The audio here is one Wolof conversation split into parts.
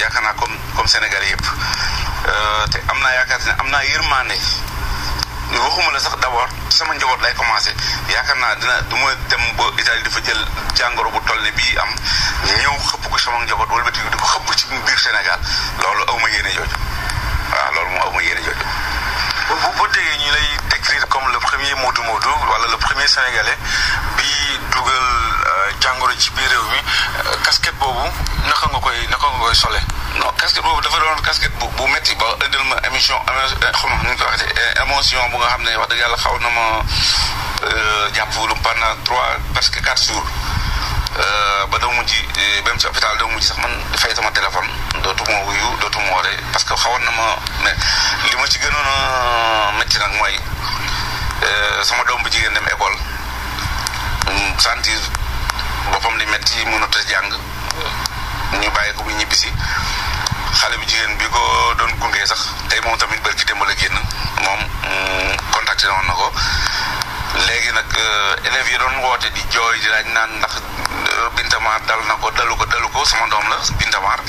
yaakaar naa comme comme Sénégalais yëpp euh, te am naa yaakaar ne am naa yërmande waxuma la sax d' abord sama njaboot lay commencé yaakaar naa dina du ma dem ba Italie dafa jël jàngoro bu toll ne bii am ñëw xëpp ko sama njaboot wala bët ci biir Sénégal loolu ma yéene jooju waaw loolu moom aw ma yéene jooju. bu bu comme le premier Modou Modou wala le premier Sénégalais bi dugal euh, jàngoro ci biir réew mi euh, casquette boobu. koy sole non casquette boobu dafa doon casquette bu bu métti ba indil émission xam eh, ko waxee eh, émotion bu nga xam ne wax dëgg xaw na ma euh, jàpp lu pendant trois presque quatre jours euh, ba doo eh, mujj même si hôpital doo mujj sax man fay sama téléphone dootuma wuyu moo wooree parce que xawoon na ma mais li ma ci gënoon a metti nag mooy euh, sama doom bu jigéen dem école sentir boppam di métti mënut a jàng ñu bàyyi ko bu ñibbisi xale bi jigéen bi ko doon gunge sax tey moom tamit bari ci démb la génn moom mm, contacté woon na ko léegi nag euh, élèves yi doon woote di jooy di laaj naan ndax euh, Bintamar dal na ko dalu ko dalu ko sama doom la Bintamar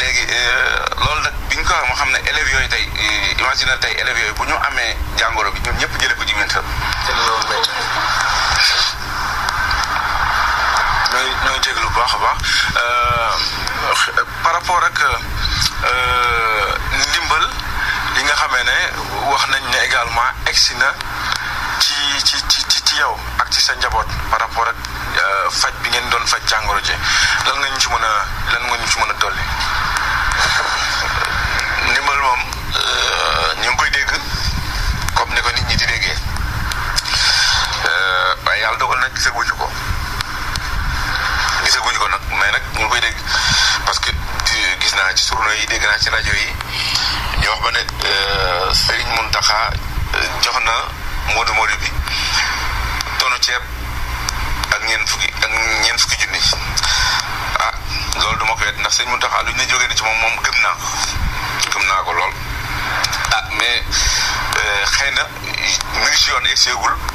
léegi euh, loolu nag bi ñu ko waxee moo xam ne élèves yooyu tey imagine tey élèves yooyu bu ñu amee jàngoro bi ñoom ñëpp jële ko ci Bintamar baax baax euh, par rapport ak euh, ndimbal li nga xamee ne wax nañ ne également egsi na ci ci ci ci yow ak ci sa njaboot par rapport ak euh, faj bi ngeen doon faj jàngoro ji lan nga ñu ci mën a lan nga ñu ci mën a dolli. ndimbal moom ñu ngi koy dégg comme ni ko nit ñi di déggee waaye yàlla dogal na gisaguñu ko. gisaguñu ko nag mais nag ñu ngi koy dégg parce que gis naa ci journaux yi dégg naa ci rajo yi wax ba ne euh, Serigne Mountakha euh, jox na Modou Modou bi tonu ceeb ak ñeent fukki ak ñeent fukki junni ah loolu duma ko wet ndax Serigne Mountakha lu ñu la jógee ci moom moom gëm naa ko gëm naa ko lool ah mais euh, xëy na mi ngi si yoon egseegul